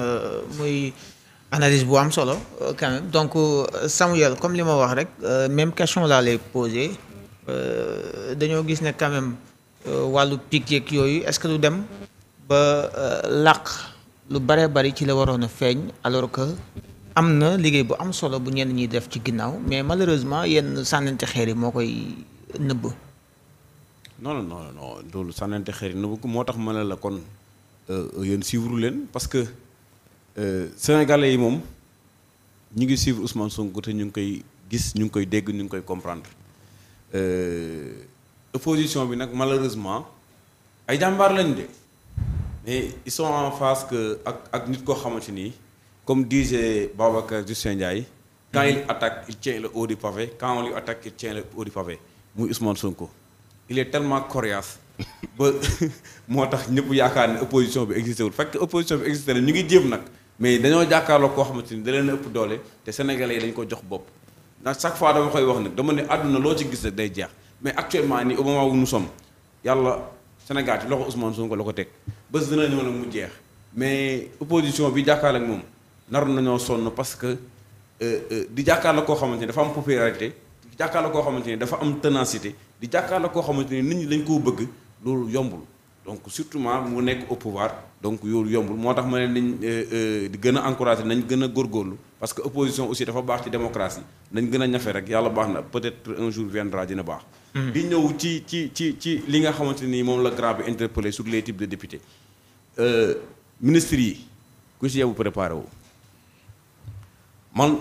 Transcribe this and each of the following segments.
Euh, muy analise bu am solo euh, quand même donc euh, Samuel comme li ma wax rek même question laa lay posé dañoo gis ne quand wàllu pic yooyu est-ce que lu dem ba làq lu bare bari ci la waroon a feeñ alors que am na liggéey bu am solo bu ñenn ñuy def ci ginnaaw mais malheureusement yenn sànnante xeer yi moo koy nëbb. non non non loolu xeer yi nëbb ko moo tax ma ne la kon yéen suivre leen parce Euh, sénégalais yi moom ñu ngi suivre Ousmane Sonko te ñu ngi koy gis ñu ngi koy dégg ñu ngi koy comprendre euh, opposition bi nag malheureusement ay jàmbaar lañ de mais ils sont en face que ak ak nit koo xamante ni comme disait Babacar Justin Ndiaye quand mm-hmm. il attaque il tient la haut du pavé quand on lui attaque il tient le haut du pavé muy Ousmane Sonko il est tellement coriace ba moo tax ñëpp yaakaar ne opposition bi existé wul fekk opposition bi existé na ñu ngi jéem nag mais dañoo jàkkaarloo koo xamante ni da leen ëpp te sénégalais dañ ko jox bopp ndax chaque fois dama koy wax nag dama ne àdduna loo ci gis rek day jeex mais actuellement nii au moment où nous yàlla Sénégal ci loxo Ousmane Sonko la ko teg bés dina ñëw nag mu jeex mais opposition bi jàkkaarloo ak moom naroon nañoo sonn parce que euh, euh, di jàkkaarloo koo xamante ni dafa am popularité di jàkkaarloo koo xamante ni dafa am ténacité di jàkkaarloo koo xamante ni nit ñi lañ koo bëgg loolu yombul donc surtout mu nekk au pouvoir. donc yoolu yombul moo tax ma ne ni euh, euh, di gën a encouragé nañ gën a góorgóorlu parce que opposition aussi dafa baax ci démocratie nañ gën a ñafe rek yàlla baax na peut-être un jour viendra dina baax hmm. di ñëw ci ci ci ci li nga xamante nii moom la grand bi interpellé sur les types euh, yi ku si yebu préparé wu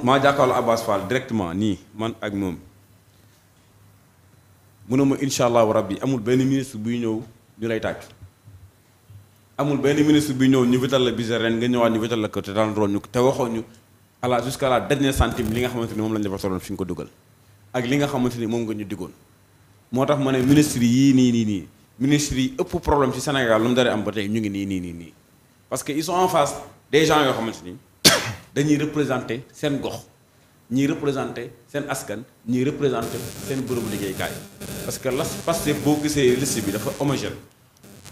maa jàkkaarloo Abbas Fall directement nii man ak moom mu ne ma incha allahu rabbi amul benn ministre buy ñëw ñu lay tàccu amul benn ministre bi ñëw ñu vital la budget ren nga ñëwaat ñu vital la ko te daan roon ñu te waxoon ñu à la jusqu'à la dernière centime li nga xamante ni moom lañ defataloon fi nga ko dugal ak li nga xamante ni moom nga ñu diggoon moo tax ma ne ministre yii nii nii nii ministre yi ëpp problème ci Sénégal lu mu dara am ba tey ñu ngi nii nii nii nii parce que ils sont en face des yoo xamante ni dañuy représenter seen gox ñuy représenter seen askan ñuy représenter seen bërëbu liggéeykaay parce que las Pastef boo gisee liste bi dafa homogène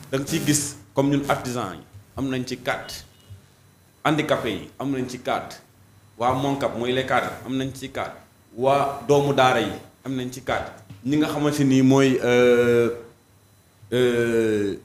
da nga ciy gis comme ñun artisan yi am nañ ci carte handicapé yi am nañ ci carte waa Moncap mooy les cadres am nañ ci carte waa doomu daara yi am nañ ci carte ñi nga xamante ni mooy euh, euh,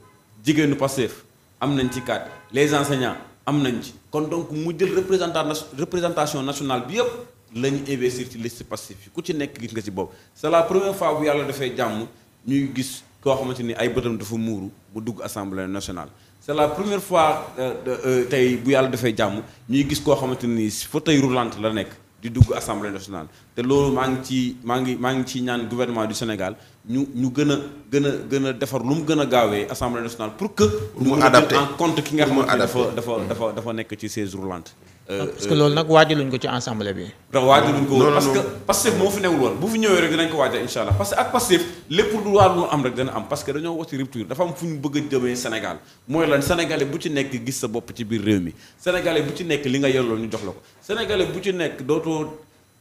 jigéenu Pastef am nañ ci carte les enseignants am nañ ci kon donc mu jël représentation représentation nationale bi yëpp la ñu ci liste Pastef yi ku ci nekk gis nga ci bopp c'est première fois bu yàlla dafay jàmm ñuy gis. koo xamante ni ay bëtam dafa muuru mu dugg assemblée nationale. c'est la première fois euh, euh, tey bu yàlla defee jàmm ñuy gis koo xamante ni fauteuil roulant la nekk di dugg assemblée nationale te loolu maa ngi ci maa ngi maa ngi ci ñaan gouvernement du Sénégal. ñu ñu gën a gën a gën defar lu mu gën a gaawee assemblée nationale pour que. mu adapté en compte ki nga xamante ne dafa dafa mm. dafa dafa nekk ci chaise roulante. Euh, ah, parce euh, loolu nag waajaluñ ko ci assemblée bi. ndax waajaluñ ko woon parce que Pastef moo fi newul woon bu fi ñëwee rek dinañ ko waajal incha allah parce ak Pastef lépp lu war lu am rek dana am parce que dañoo wax ci rupture dafa am fu ñu bëgg a jëmee Sénégal mooy lan sénégalais bu ci nekk gis sa bopp ci biir réew mi sénégalais bu ci nekk li nga yelloo ñu jox la ko sénégalais bu ci nekk dootoo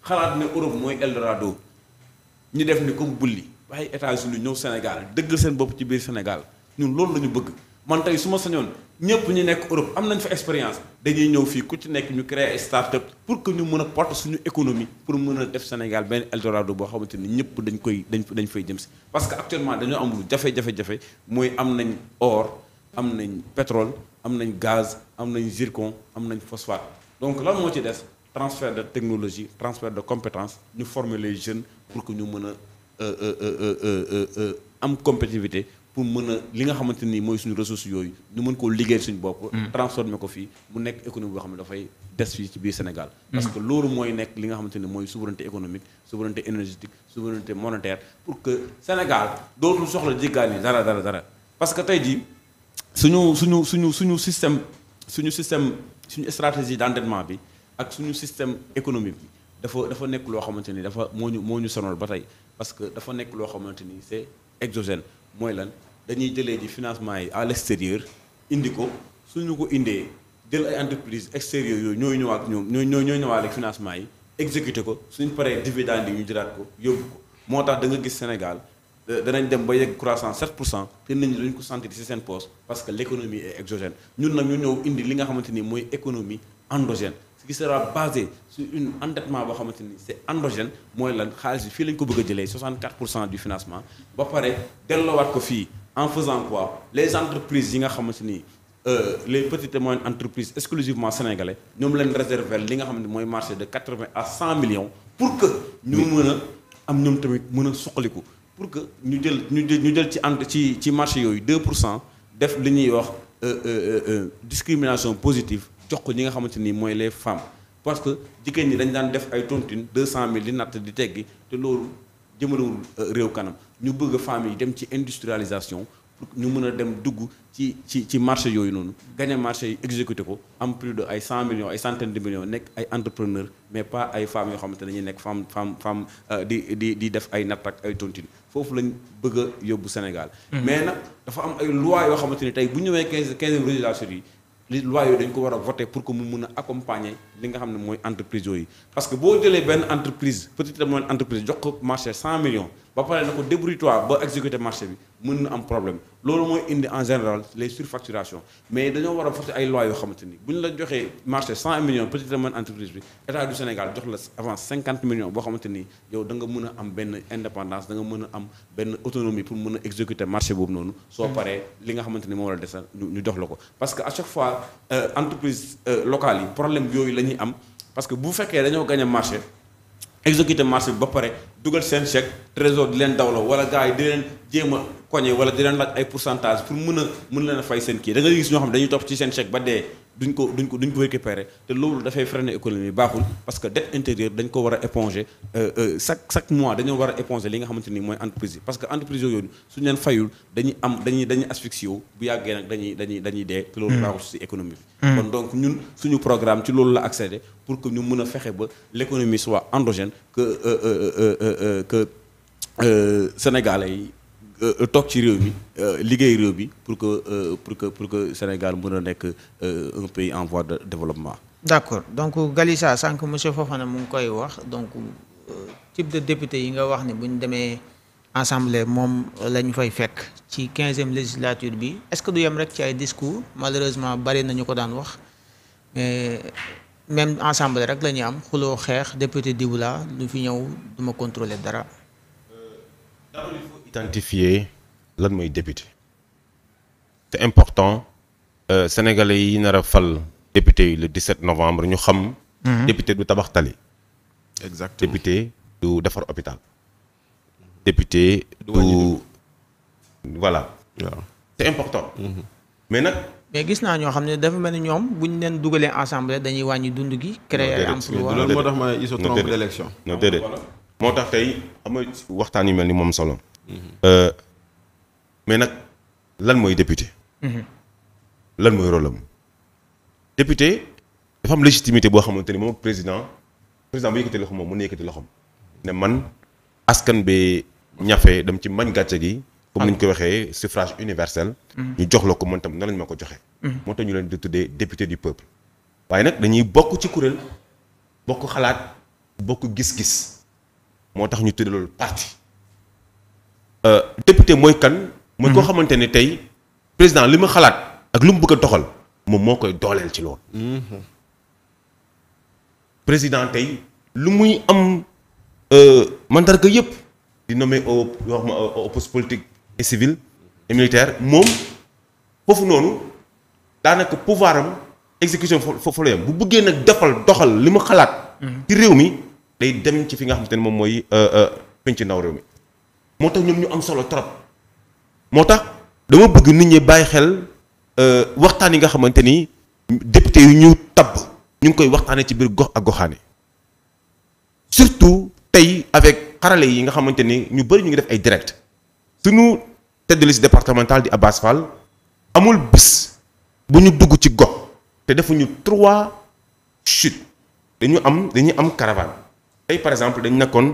xalaat ne Europe mooy Eldorado ñu def ni comme bàyyi États-Unis ñëw Sénégal dëgg seen bopp ci biir Sénégal ñun loolu la bëgg man tey su ma sañoon ñëpp ñu nekk Europe am nañ fa expérience dañuy ñëw fii ku ci nekk ñu créer ay start-up pour que ñu mën a porte suñu économie pour mën a def Sénégal benn Eldorado boo xamante ni ñëpp dañ koy dañ dañ fay jëm si. parce que actuellement dañoo am lu jafe-jafe-jafe mooy am nañ or am nañ pétrole am nañ gaz am nañ zircon am nañ phosphate donc lan moo ci des transfert de technologie transfert de compétence ñu former les jeunes pour que ñu mën a. Euh, euh, euh, am compétitivité pour mën a li nga xamante nii mooy suñu ressources yooyu ñu mën koo liggéey suñu bopp. Mm. transformer ko fii mu nekk économie boo xam ne dafay des fii ci biir Sénégal. Mm. parce que loolu mooy nekk li nga xamante ni mooy souveraineté économique souveraineté énergétique souveraineté monétaire pour que Sénégal dootul soxla jéggaani dara dara dara parce que tey jii suñu suñu suñu suñu système suñu système suñu stratégie d'endettement bi ak suñu système économique dafa dafa nekk loo xamante ni dafa moo ñu moo ñu sonal ba tey. parce que dafa nekk loo xamante ni c'est exogène mooy lan dañuy jëlee ji financement yi à l'extérieur indi ko suñu ko indee jël ay entreprise extérieures yooyu ñooy ñëwaat ñoom ñooy ñooy ñëwaat ak financement yi exécuté ko suñ paree dividende yi ñu jëlaat ko yóbbu ko moo tax da gis Sénégal danañ dem ba yegg croissance 7 pour cent te nit ñi dañ ko sentir ci seen poste parce que l'économie est exogène ñun nag ñu ñëw indi li nga xamante ni mooy économie endogène qui sera basé sur une endettement boo xamante ni c'est endogène mooy lan xaalis bi fii lañ ko bëgg a jëlee 64 pour cent du financement ba pare delloowaat ko fii en faisant quoi les entreprises yi nga xamante ni euh, les petites et moyennes entreprises exclusivement sénégalais ñoom leen réserver li nga xam ne mooy marché de 80 à 100 millions pour que ñu mën a am ñoom tamit mën a suqaliku pour que ñu jël ñu jël ñu jël ci entre ci ci marché yooyu 2 pour cent def li ñuy wax euh, euh, discrimination positive jox ko ñi nga xamante ni mooy les femmes parce que jigéen ñi dañ daan def ay tontine deux cent mille di natt di teggi te loolu jëmalewul euh, réew kanam ñu bëgg fem yi dem ci industrialisation ñu mën a dem dugg ci ci ci marché yooyu noonu gagné marché yi exécuté ko am plus de ay cent millions ay centaine de millions nekk ay entrepreneur mais pas ay femmes yoo xamante ne dañuy nekk femme femme femme euh, di di di def ay natt ak ay tontine foofu lañ bëgg a yóbbu Sénégal mm-hmm. mais nag dafa ay yoo xamante ni tey bu ñëwee quinze quinzième législature yi li loi yooyu dañ ko war a voter pour que mu mun a accompagner li nga xam ne mooy entreprise yooyu parce que boo jëlee benn entreprise petite et moyenne entreprise jox ko marché 100 millions ba pare na ko débrouille-toi ba exécuter marché bi mën na am problème loolu mooy indi en général les surfacturations mais dañoo war a voter ay lois yoo xamante ni bu ñu la joxee marché 100 millions petite et moyenne entreprise bi état du Sénégal jox la avance 50 millions boo xamante ni yow da nga mën a am benn indépendance da mën a am benn autonomie pour mën a exécuter marché boobu noonu. soo mm. paree li ni moom la desal la ko parce que à chaque fois euh, entreprise euh, locale yi ñuy am parce que bu fekkee dañoo gañ a marché exécuté marché bi ba pare dugal seen chèque trésor di leen dawloo wala gars yi di leen jéem a koñe wala di leen laaj ay pourcentage pour mën a mën leen a fay seen kii da nga gis ñoo xam ne dañuy topp ci seen chèque ba dee duñ ko duñ ko duñ ko récupérer te loolu dafay freiner économie baaxul parce que dette intérieure dañ ko war a éponger euh, euh, chaque mois dañoo war a éponger li nga xamante ni mooy entreprise yi parce que entreprise yooyu suñu leen fayul dañuy am dañuy dañuy asphyxie wu bu yàggee nag dañuy dañuy dañuy dee te loolu hmm. baaxul si économie bi hmm. kon donc loolu la accéder pour que ñu a fexe ba l'économie soit endogène que euh, que sénégalais yi Euh, toog ci réew mi euh, liggéey réew bi pour que euh, pour que pour que Sénégal mën a nekk un pays en voie de développement. d' accord donc Galissa sànq monsieur ne mu ngi koy wax donc type de député yi nga wax ne bu ñu demee ensemble moom la ñu fay fekk ci quinzième législature bi est ce que du yem rek ci ay discours malheureusement bari nañu ko daan wax mais même assemblée rek lañu am xuloo xeex député diwla lu fi ñëw duma contrôler dara. identifier lan mooy député c'est important euh, sénégalais yi nar a fal député yi le 17 novembre ñu xam. Mhm. député du tabax tali. exactement député du defar hôpital. député du voilà. waaw yeah. c'est important. Mm -hmm. mais nag. mais gis naa ñoo xam ne dafa mel ni ñoom bu ñu leen dugalee assemblée dañuy wàññi dund gi. créer ay emploi loolu moo tax ma ils se d'élection. non déedéet moo tax tey waxtaan yu mel ni moom solo. Euh, mais nag lan mooy député. lan mooy rôle am député dafa am légitimité boo xamante ni moom président président bu yëkkati loxo moom mën na yëkkati loxom ne man askan bi ñafe dem ci mañ gàcce gi. comme nañ ñu ko waxee suffrage universelle ñu jox la ko man tam nan lañ ma ko joxe. moo tax ñu leen di tuddee député du peuple. waaye nag dañuy bokk ci kuréel bokk xalaat bokk gis-gis moo tax ñu tuddee loolu parti. Euh, député mooy kan. mooy koo mhm. xamante ne tey président li ma xalaat ak lu mu bugg a doxal moom moo koy dooleel ci loolu. Mhm. président tey lu muy am euh, mandarga yëpp di nommé au au politique et civil et militaire moom foofu noonu daanaka pouvoir am fo foofu la yam bu buggee nag defal doxal li ma xalaat. Mhm. ci réew mi day dem ci fi nga xamante ni moom mooy euh, penc ndaw réew mi. moo tax ñoom ñu am solo trop moo tax dama bëgg nit ñi bàyyi xel euh, waxtaan yi nga xamante ni député yu ñu tabb ñu ngi koy waxtaanee ci biir gox ak goxaane surtout tey avec xarale yi nga xamante ni ñu bëri ñu ngi def ay direct suñu tête de liste départementale di Abass Fall amul bis bu ñu dugg ci gox te defuñu trois chutes dañu am dañuy am caravane tey par exemple dañ nekkoon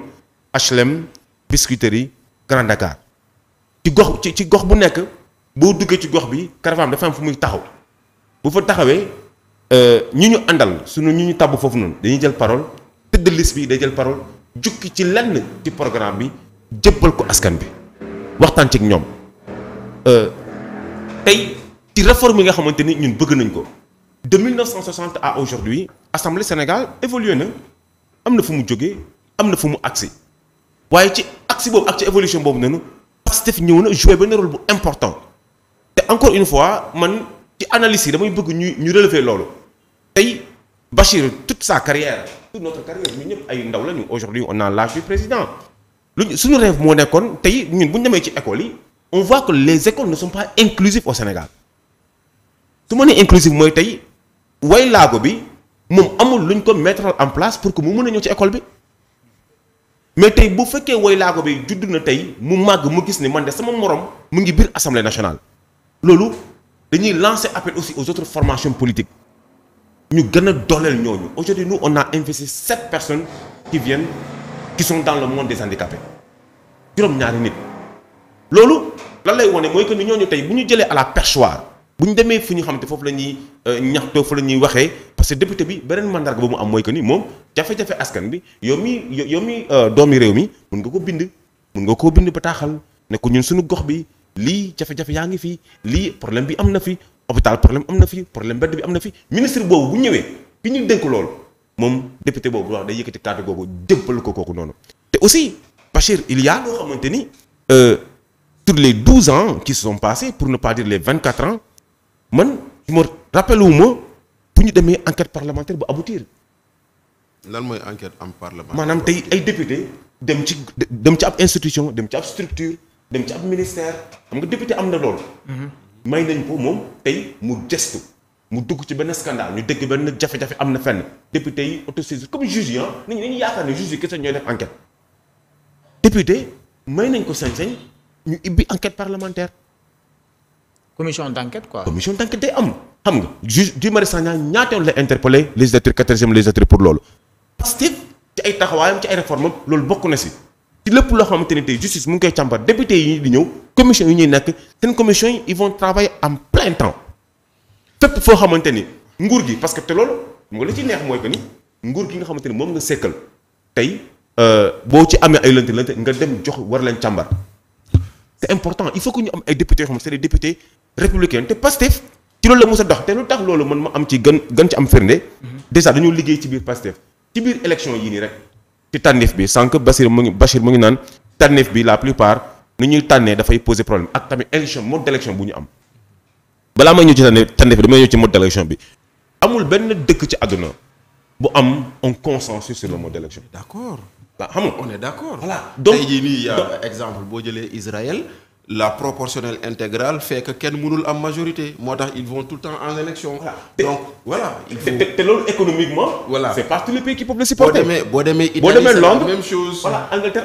HLM biscuiterie Grand Dakar ci gox ci ci gox bu nekk boo duggee ci gox bi caravane dafa am fu muy taxaw bu fa taxawee euh, ñi ñu àndal suñu ñi ñu tabb foofu noonu dañuy jël parole tëdd liste bi day jël parole jukki ci lenn di programme bi jëbbal ko askan bi waxtaan ci ñoom euh, tey ci réforme yi nga xamante ni ñun bëgg nañ ko de 1960 à aujourd'hui Assemblée Sénégal évolué na am na fu mu jógee am na fu mu agsi waaye ci axe boobu ak ci évolution boobu noonu Pastef ñëw na joué benn rôle bu important te encore une fois man ci analyse yi damay bëgg ñu ñu relever loolu tey Bachir toute sa carrière toute notre carrière ñun ñëpp ay ndaw la ñu aujourd'hui on a l'âge du président luñ suñu rêve moo nekkoon tey ñun bu ñu demee ci école yi on voit que les écoles ne sont pas inclusives au Sénégal su ma nee inclusive mooy tey way laago bi moom amul luñ ko mettre en place pour que mu mën ci école bi mais tey bu fekkee woy laa ko bi judd na tey mu màgg mu gis ni man de sama moroom mu ngi biir assemblée nationale loolu dañuy lancer appel aussi aux autres formations politiques ñu gën a dooleel ñooñu aujourd'hui nous on a investi sept personnes qui viennent qui sont dans le de des handicapés juróom-ñaari nit loolu lan lay wone mooy que ni ñooñu tey bu ñu jëlee à la perchoir bu ñu demee fi ñu xamante foofu la ñuy ñaxtoo fa la ñuy waxee parce que député bi beneen mandarga ba mu am mooy que ni moom jafe-jafe askan bi yow mi yow mi euh, doomi réew mi mun nga ko bind mun nga koo bind bataaxal ne ko ñun suñu gox bi lii jafe-jafe yaa ngi fi lii problème bi am na fi hôpital problème am na fi problème mbedd bi am na fi ministre boobu bu ñëwee bi ñu dénk loolu moom député boobu wax day yëkkati kàddu googu jébbal ko kooku noonu te aussi Bachir il y loo xamante ni euh, sur les douze ans qui se sont pour ne pas les vingt quatre ans man ma rappelé wu ma bu ñu demee enquête parlementaire bu aboutir. lan mooy enquête am parlementaire. maanaam tey ay député dem ci dem ci ab institution dem ci ab structure dem ci ab ministère xam nga député am na loolu. Mhm. may nañ ko moom tey mu gestu mu dugg ci benn scandale ñu dégg benn jafe-jafe am na fenn député yi autosaisir comme juge yi ah, nit ñi dañuy yaakaar ne juge yi ñooy def enquête député may nañ ko sañ-sañ ñu ibbi enquête parlementaire. commission d' enquête quoi. commission d' enquête day am xam nga juge Guy Marius Sagna ñaata yoon la interpellé législature quatorzième législature pour loolu. Pastef ci ay taxawaayam ci ay réformes loolu bokk na si. ci lépp loo xamante ni tey justice mu ngi koy càmbar député yi di ñëw commission yi ñuy nekk seen commission yi ils vont travailler en foo xamante ni nguur gi parce que te loolu mu nga la ci neex mooy que ni nguur gi nga xamante ni moom nga sekkal tey euh, boo ci amee ay lënt nga dem jox war leen càmbar c'est important il faut que ñu am ay députés yoo républicaine te Pastef ci loolu la mos a dox te lu tax loolu man ma am ci gën gën ci am firnde déjà dañoo liggéey ci biir Pastef ci biir élection yi nii rek ci tànneef bi sànq Bachir mu ngi Bachir mu ngi naan tànneef bi la plupart nu ñuy tànnee dafay poser problème ak tamit élection mode d'élection bu ñu am balaa may ñëw ci tànneef tànneef bi damay ñëw ci mode d'élection bi amul benn dëkk ci àdduna bu am un consensus sur le mode d'élection. d'accord. waaw xam nga on est d'accord. voilà exemple boo jëlee Israël. la proportionnelle intégrale fait que kenn mënul am majorité moo tax ils vont tout le temps en élection voilà. donc voilà te loolu économiquement voilà c'est pas tous les qui peuvent le supporter boo demee boo demee Italie c'est la même chose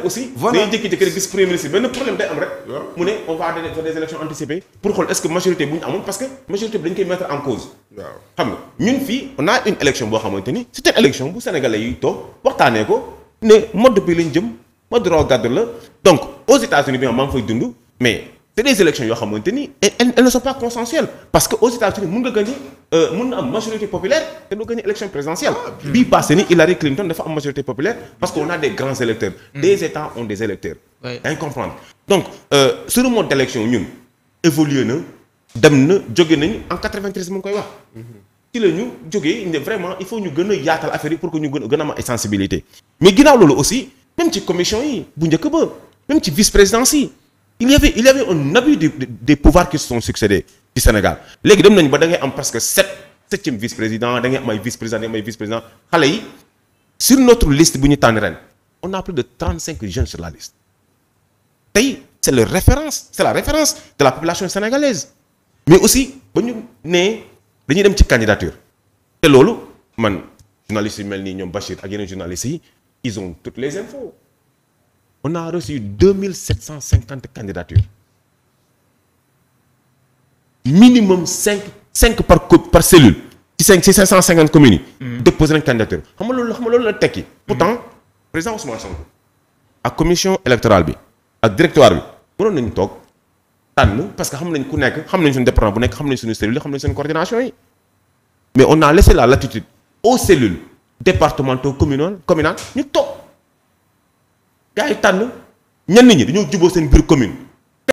aussi voilà day jékki-jékki rek gis premier ministre benn problème day am rek mu ne on va faire des élections anticipées pour xool est-ce que majorité bu ñu amoon parce que majorité bi dañ koy mettre en cause xam nga ñun fii on une boo xamante ni c'est une élection bu sénégalais yi toog waxtaanee ko ne mode bi lañ jëm mais c'est des élections yoo xamante ni elles elles pas consensuelles parce que aux États-Unis mun nga gagner euh, mun na am majorité populaire te doo gagner élection présidentielle. Ah, bii passé ni Hillary Clinton dafa am majorité populaire parce que on a des grands électeurs. Hmm. des États ont des électeurs. oui dañ comprendre donc euh, suñu mode d'élection ñun évolué na dem na jóge nañu en 93 mu ngi koy wax. Mm-hmm. ci la ñu jógee ne vraiment il ñu gën a yaatal affaire yi pour que ñu gën gën a ay sensibilité mais ginnaaw loolu aussi même ci commission yi bu njëkk ba même ci vice il y avait il y avait un abus des des pouvoirs qui se ci Sénégal léegi dem nañu ba da ngay am presque sept septième vice président da ngay am ay vice président da ngay am ay vice xale yi sur notre liste bu ñu tànn ren on a plus de trente cinq jeunes sur la liste tey c'est la référence c'est la référence de la population sénégalaise mais aussi ba ñu nee dañuy dem ci candidature te loolu man journalistes yu mel nii ñoom Bachir ak yeneen journalistes yi ils ont toutes les infos on a reçu 2750 candidatures minimum 5 cinq par par cellule ci 5 ci 550 communes yi. Mm. déposé nañ candidature xam nga loolu xam nga loolu la tekki. Mm. pourtant président Ousmane Sonko ak commission électorale bi ak directoire bi mënoon nañu toog tànn parce que xam nañ ku nekk xam nañ suñu département bu nekk xam nañ suñu cellule xam nañ suñu coordination yi mais on a laissé la latitude aux cellules départementaux communales yaay tànn ñenn ñi dañoo juboo seen biir commune